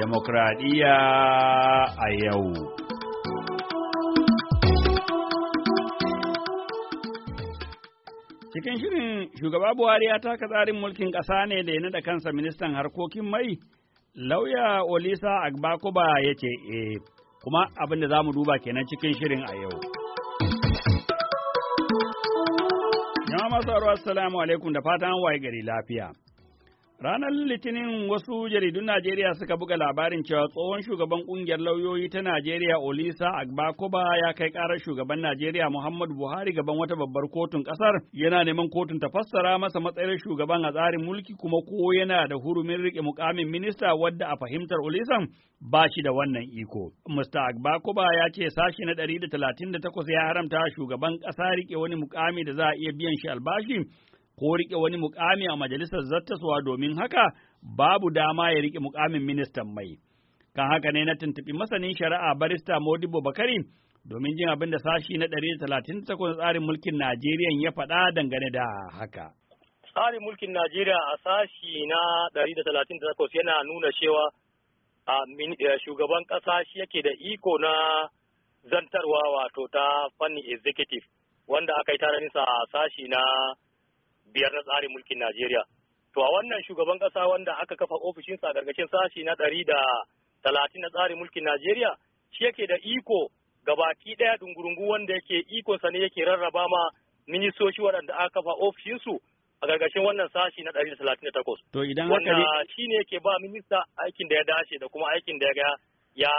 demokradiyya a yau. Cikin shirin shugaba Buhari ya taka tsarin mulkin ƙasa ne da ya nada kansa ministan harkokin mai, lauya Olisa Agbakuba ya ce, e, kuma abin da za mu duba kenan cikin shirin a yau. Jama'a masu assalamu alaikum da fatan waye gari lafiya. Ranar Litinin wasu jaridun Najeriya suka buga labarin cewa tsohon shugaban kungiyar lauyoyi ta Najeriya Olisa Agbakoba ya kai karar shugaban Najeriya Muhammadu Buhari gaban wata babbar kotun kasar yana neman kotun ta fassara masa matsayin shugaban a tsarin mulki kuma ko yana da hurumin rike mukamin minista wadda a fahimtar Olisan ba shi da wannan iko. Mr. Agbakoba ya ce sashi na 138 ya haramta shugaban ƙasa rike wani mukami da za a iya biyan shi albashi ko riƙe wani mukami a majalisar zartaswa domin haka babu dama ya riƙe mukamin ministan mai. Kan haka ne na tuntuɓi masanin shari'a barista Modibo Bakari domin jin abin da sashi na 138 tsarin mulkin Najeriya ya faɗa dangane da haka. Tsarin mulkin Najeriya a sashi na 138 yana nuna cewa a eh, shugaban ƙasa shi yake da iko na zantarwa wato ta fannin executive wanda aka yi tararinsa a sashi na biyar na tsarin mulkin Najeriya. To a wannan shugaban ƙasa wanda aka kafa ofishinsa a gargashin sashi na ɗari da talatin na tsarin mulkin Najeriya shi yake da iko gabaki ɗaya dungurungu wanda yake ikonsa ne yake rarraba ma ministoci waɗanda aka kafa ofishinsu a gargashin wannan sashi na ɗari da talatin da takwas. To idan wanda shi ne yake ba minista aikin da ya dace da kuma aikin da ya ga ya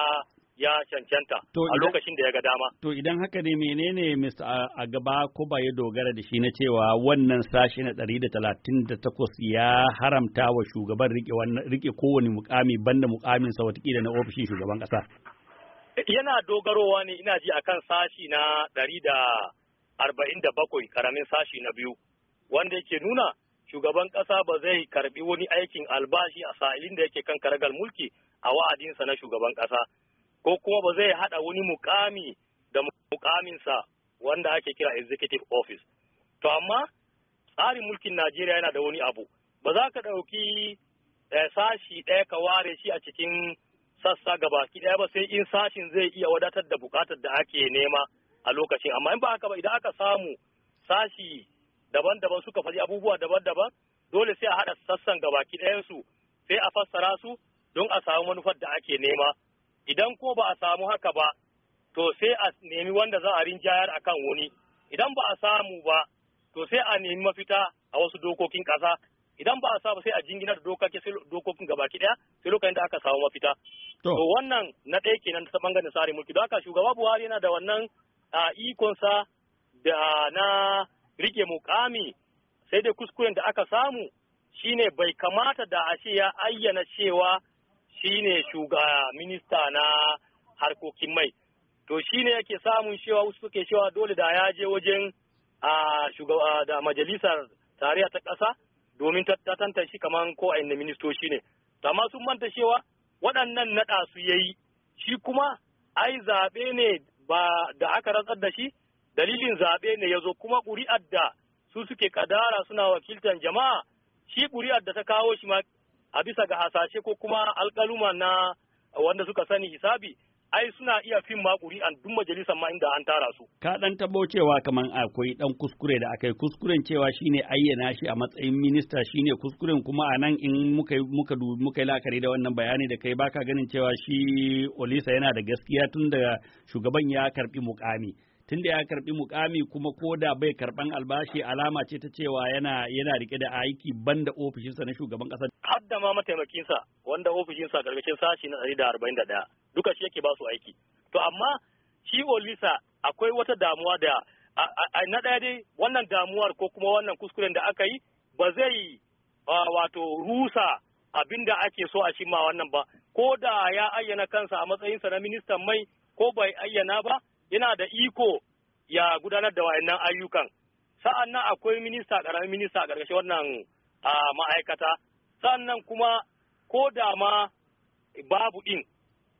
ya cancanta a lokacin da ya ga dama. To idan haka ne menene Mr. Agaba ko ba ya dogara da shi na cewa wannan sashi na ɗari da talatin da takwas ya haramta wa shugaban rike kowane mukami banda mukamin sa watakila na ofishin shugaban ƙasa. Yana dogarowa ne ina ji akan sashi na ɗari da arba'in da bakwai karamin sashi na biyu wanda yake nuna shugaban ƙasa ba zai karbi wani aikin albashi a sa'ilin da yake kan karagal mulki a wa'adinsa na shugaban ƙasa. ko kuma ba zai haɗa wani mukami da mukaminsa wanda ake kira executive office to amma tsarin mulkin najeriya yana da wani abu ba za ka ɗauki eh, sashi ɗaya ka ware shi a cikin sassa gabaki ɗaya ba sai in sashin zai iya wadatar da bukatar da ake nema a lokacin amma in ba haka ba idan aka samu sashi daban-daban suka faɗi abubuwa daban-daban dole sai a haɗa sassan gabaki su sai a fassara su don a samu manufar da ake nema idan ko ba a samu haka ba to sai a nemi wanda za a rinjayar a kan wani idan ba a samu ba to sai a nemi mafita a wasu dokokin ƙasa idan ba a samu sai a jingina da dokokin gabaki ɗaya sai lokacin da aka samu mafita to wannan na ɗaya kenan ta bangaren tsarin mulki don haka shugaba Buhari yana da wannan ikonsa da na rike mukami sai dai kuskuren da aka samu shine bai kamata da a ce ya ayyana cewa shine shuga minista na harkokin mai to shine yake samun cewa wasu suke cewa dole da ya je wajen a da majalisar tarayya ta ƙasa domin ta shi kamar ko a ministoci ne amma sun manta cewa waɗannan naɗa su ya yi. shi kuma ai zaɓe ne ba da aka ratsar da shi dalilin zaɓe ne ya zo kuma ƙuri'ar da su suke kadara suna wakiltan jama'a shi ƙuri'ar da ta kawo shi ma a bisa ga hasashe ko kuma alkaluma na wanda suka sani hisabi ai suna iya fin makuri an duk majalisar ma inda an tara su. Ka dan tabo cewa kamar akwai ɗan kuskure da akai kuskuren cewa shine ayyana shi a matsayin minista shine kuskuren kuma a nan in muka muka muka da wannan bayani da kai baka ganin cewa shi Olisa yana da gaskiya tunda shugaban ya karbi mukami. tunda ya karbi mukami kuma ko da bai karban albashi alama ce ta cewa yana yana rike da aiki banda ofishinsa na shugaban kasa hadda da ma mataimakinsa wanda ofishinsa karkashin sashi na 141 duka shi yake ba su aiki to amma shi olisa akwai wata damuwa da na daya dai wannan damuwar ko kuma wannan kuskuren da aka yi ba zai wato rusa abinda ake so a shimma wannan ba ko da ya ayyana kansa a matsayinsa na ministan mai ko bai ayyana ba yana da iko ya gudanar da wayannan ayyukan sa'an nan akwai minista ƙaramin minista a wannan ma'aikata sa'an nan kuma ko da ma babu ɗin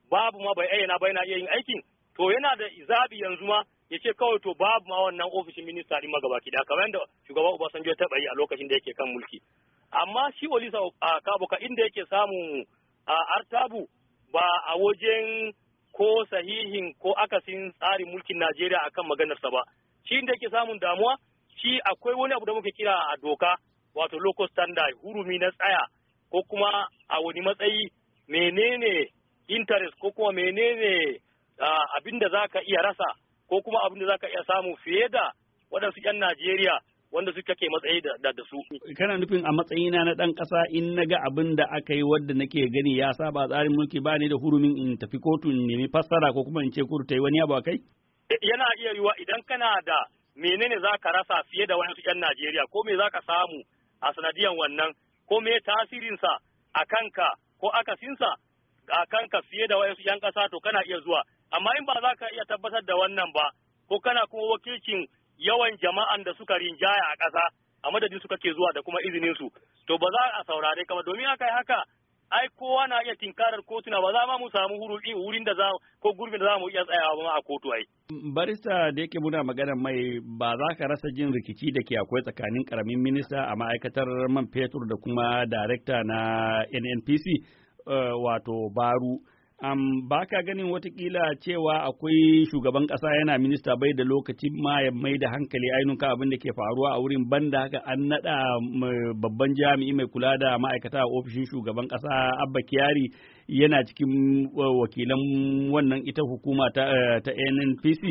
babu ma bai ayyana bai na iya yin aikin to yana da zaɓi yanzu ma ya ce kawai to babu ma wannan ofishin minista ɗin magabaki da kamar yadda shugaban Obasanjo ya taɓa yi a lokacin da yake kan mulki amma shi Olisa kabuka inda yake samun artabu ba a wajen ko sahihin ko akasin tsarin mulkin Najeriya akan maganarsa ba. Shi da yake samun damuwa shi akwai wani abu da muke kira a doka wato local standard hurumi na tsaya ko kuma a wani matsayi menene interest ko kuma menene abinda da za ka iya rasa ko kuma abinda da za ka iya samu fiye da waɗansu 'yan Najeriya wanda suka ke matsayi da da su kana nufin a matsayina na ɗan kasa in naga abin da aka yi wanda nake gani ya saba tsarin mulki ba ne da hurumin in tafi kotu in nemi fassara ko kuma in ce yi wani abu kai? Eh, yana iya yiwa idan kana da menene za ka rasa fiye da wani 'yan Najeriya ko me za ka samu a sanadiyan wannan ko me tasirinsa a kanka ko akasinsa a kanka fiye da wani 'yan ƙasa to kana iya zuwa amma in ba za ka iya tabbatar da wannan ba ko kana kuma wakilcin yawan jama'an da suka rinjaya a ƙasa a madadin su kake zuwa da kuma izinin su to ba za a saurare ka ba domin haka haka ai kowa na iya tinkarar kotuna ba za ma mu samu wurin da za ko gurbin da za mu iya tsayawa ba a kotu ai barista da yake muna maganar mai ba za ka rasa jin rikici da ke akwai tsakanin karamin minista a ma'aikatar man fetur da kuma darekta na NNPC eh, wato Baru Um, ba ka ganin watakila cewa akwai shugaban ƙasa yana minista bai da lokacin ma ya mai da hankali ainihin abin da ke faruwa a wurin banda haka an naɗa babban jami'i mai kula da ma'aikata a ofishin shugaban kasa abba kyari yana cikin wakilan wannan ita hukuma ta, eh, nnpc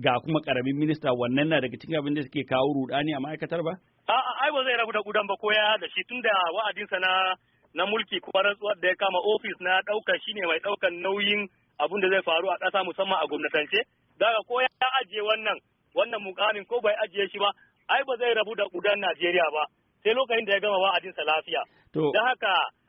ga kuma ƙaramin minista wannan na daga cikin abin da suke kawo rudani a ma'aikatar ba? A'a, ai ba zai rabu da gudan ba ko ya da shi tunda wa'adinsa na na mulki kuma rantsuwar da ya kama ofis na ɗaukar shine mai ɗaukan nauyin abun da zai faru a ƙasa musamman a gwamnatance daga ko ya ajiye wannan wannan mukamin ko bai ajiye shi ba ai ba zai rabu da kudan Najeriya ba sai lokacin da ya gama ba sa lafiya da haka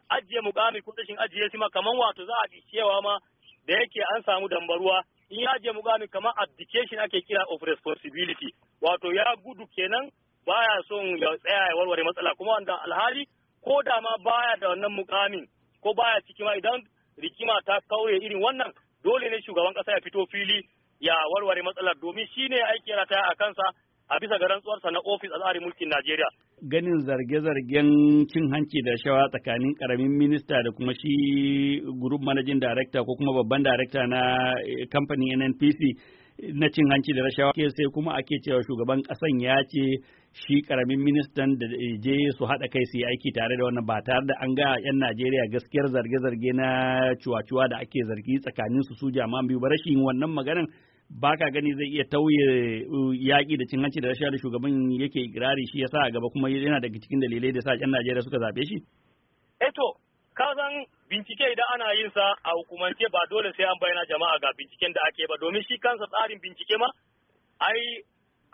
ajiye mukami ko tashin ajiye shi ma kaman wato za a cewa ma da yake an samu dambaruwa in ya ajiye mukami kaman abdication ake kira of responsibility wato ya gudu kenan baya son ya tsaya ya warware matsala kuma wanda alhali ko da ma baya da wannan mukamin ko baya ciki ma idan rikima ta kauye irin wannan dole ne shugaban kasa ya fito fili ya warware matsalar domin shi shine aiki yana taya a kansa a bisa ga rantsuwarsa na ofis a tsarin mulkin Najeriya. Ganin zarge-zargen cin hanci da shawa tsakanin karamin minista da kuma shi group managing director ko kuma babban director na eh, kamfanin NNPC na cin hanci da rashawa ke sai kuma ake cewa shugaban kasan ya ce shi karamin ministan da je su haɗa kai su yi aiki tare da wannan ba tare da an ga 'yan Najeriya gaskiyar zarge-zarge na cuwa-cuwa da ake zargi tsakanin su su jama'an biyu ba rashin wannan maganan ba ka gani zai iya tauye uh, yaƙi da cin hanci da rashawa da shugaban yake ikirari shi yasa gaba kuma yana daga cikin dalilai da sa 'yan Najeriya suka zaɓe shi. Eto, eh ka san bincike idan ana yin sa a hukumance ba dole sai an bayyana jama'a ga binciken da ake ba domin shi kansa tsarin bincike ma ai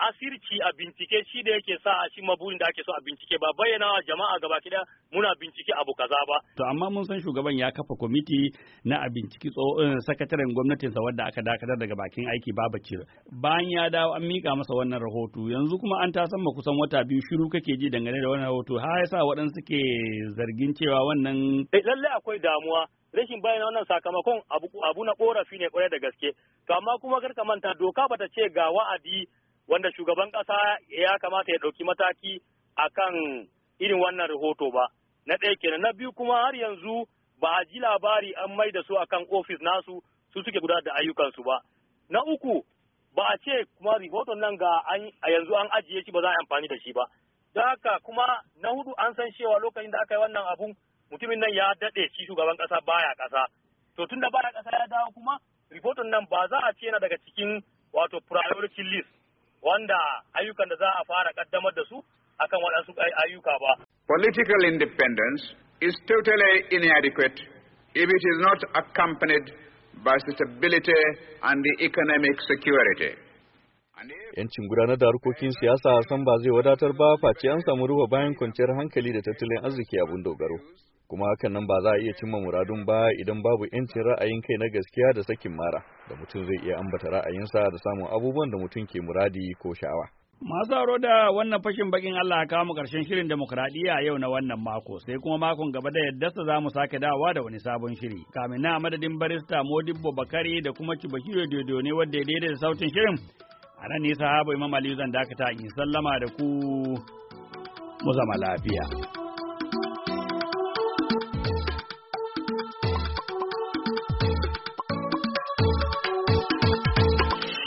asirci a bincike shi da yake sa a cimma burin da ake so a bincike ba bayyana wa jama'a gaba kida muna bincike abu kaza ba. To amma mun san shugaban ya kafa kwamiti na a binciki eh, sakataren gwamnatinsa wadda aka dakatar daga bakin aiki Babacir. Bayan ya dawo an mika masa wannan rahoto yanzu kuma an ta tasan ma kusan wata biyu shiru kake ji dangane da wannan rahoto har ya sa waɗansu ke zargin cewa wannan. Eh, lallai akwai damuwa rashin bayyana wannan sakamakon abu na korafi ne kwarai da gaske. To amma kuma kar ka manta doka bata ce ga wa'adi wanda shugaban ƙasa ya kamata ya ɗauki mataki akan irin wannan rahoto ba na ɗaya kenan na biyu kuma har yanzu ba a ji labari an mai da su akan ofis nasu su suke gudanar da ayyukansu ba na uku ba a ce kuma rahoton nan ga a yanzu an ajiye shi ba za a amfani da shi ba don haka kuma na hudu an san cewa lokacin da aka yi wannan abun mutumin nan ya daɗe shi shugaban ƙasa baya ƙasa to tun da baya ƙasa ya dawo kuma rahoton nan ba za a ce yana daga cikin wato priority list wanda ayyukan da za a fara kaddamar da su akan waɗansu ayyuka ba. Political independence is totally inadequate if it is not accompanied by stability and the economic security. Yancin gudanar da harkokin siyasa san ba zai wadatar ba face an samu ruwa bayan kwanciyar hankali da tattalin arziki abin dogaro. kuma hakan nan ba za a iya cimma muradun ba idan babu yancin ra'ayin kai na gaskiya da sakin mara da mutum zai iya ambata ra'ayinsa da samun abubuwan da mutum ke muradi ko sha'awa. Masu aro da wannan fashin bakin Allah kawo mu karshen shirin demokradiyya yau na wannan mako sai kuma makon gaba da yadda sa za mu sake dawa da wani sabon shiri. Kamin na madadin barista Modibbo Bakari da kuma Cibashiro Dodo ne wadda ya daidaita sautin shirin. A nan ne sahaba Imam Aliyu zan dakata in sallama da ku mu zama lafiya.